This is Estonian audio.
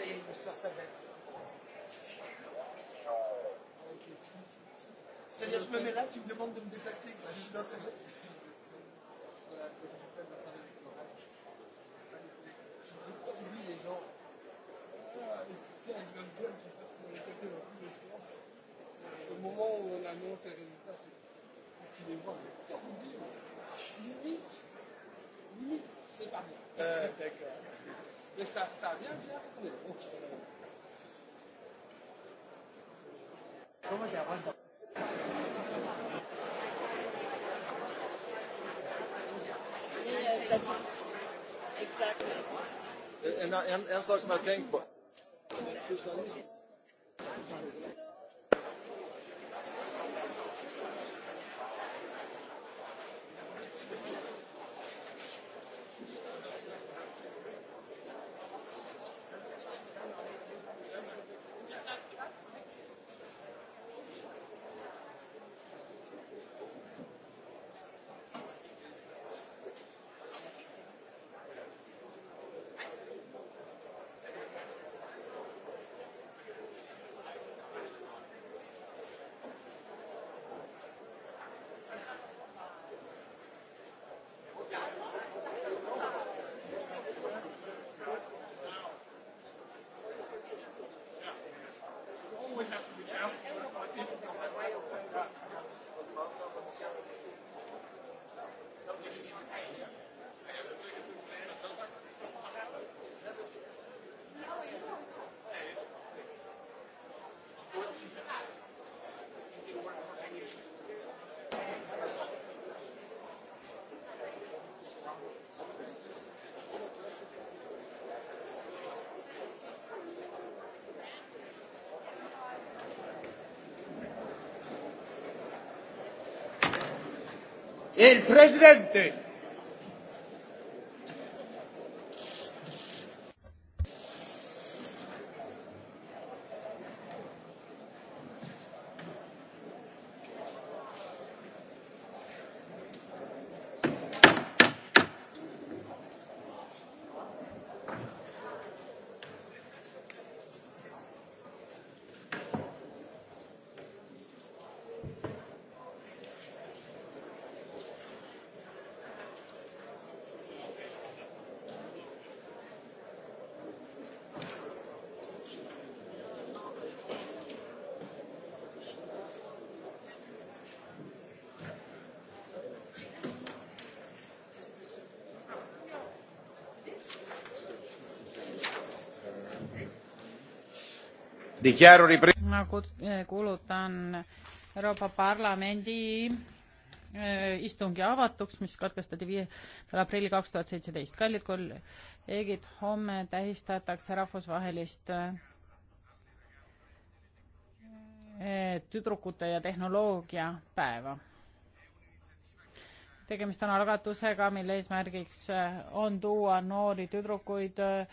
saying Mustasavet. C'est-à-dire, je me mets là, tu me demandes de me déplacer. Mustasavet. Oublie les gens. Ah, mais tiens, ils veulent bien que tu passes sur les côtés dans tous les sens. Au moment où on annonce les résultats, c'est qu'il les voit, mais putain, oublie, limite c'est pas bien. Euh, D'accord. Mais ça, ça a bien, bien tourné. Bon. Comment t'as That is exactly. En, en, en sak som jeg har tenkt på El presidente. ma eh, kuulutan Euroopa Parlamendi eh, istungi avatuks, mis katkestati viiendal aprillil kaks tuhat seitseteist. kallid kolleegid, homme tähistatakse rahvusvahelist eh, tüdrukute ja tehnoloogia päeva. tegemist on algatusega, mille eesmärgiks on tuua noori tüdrukuid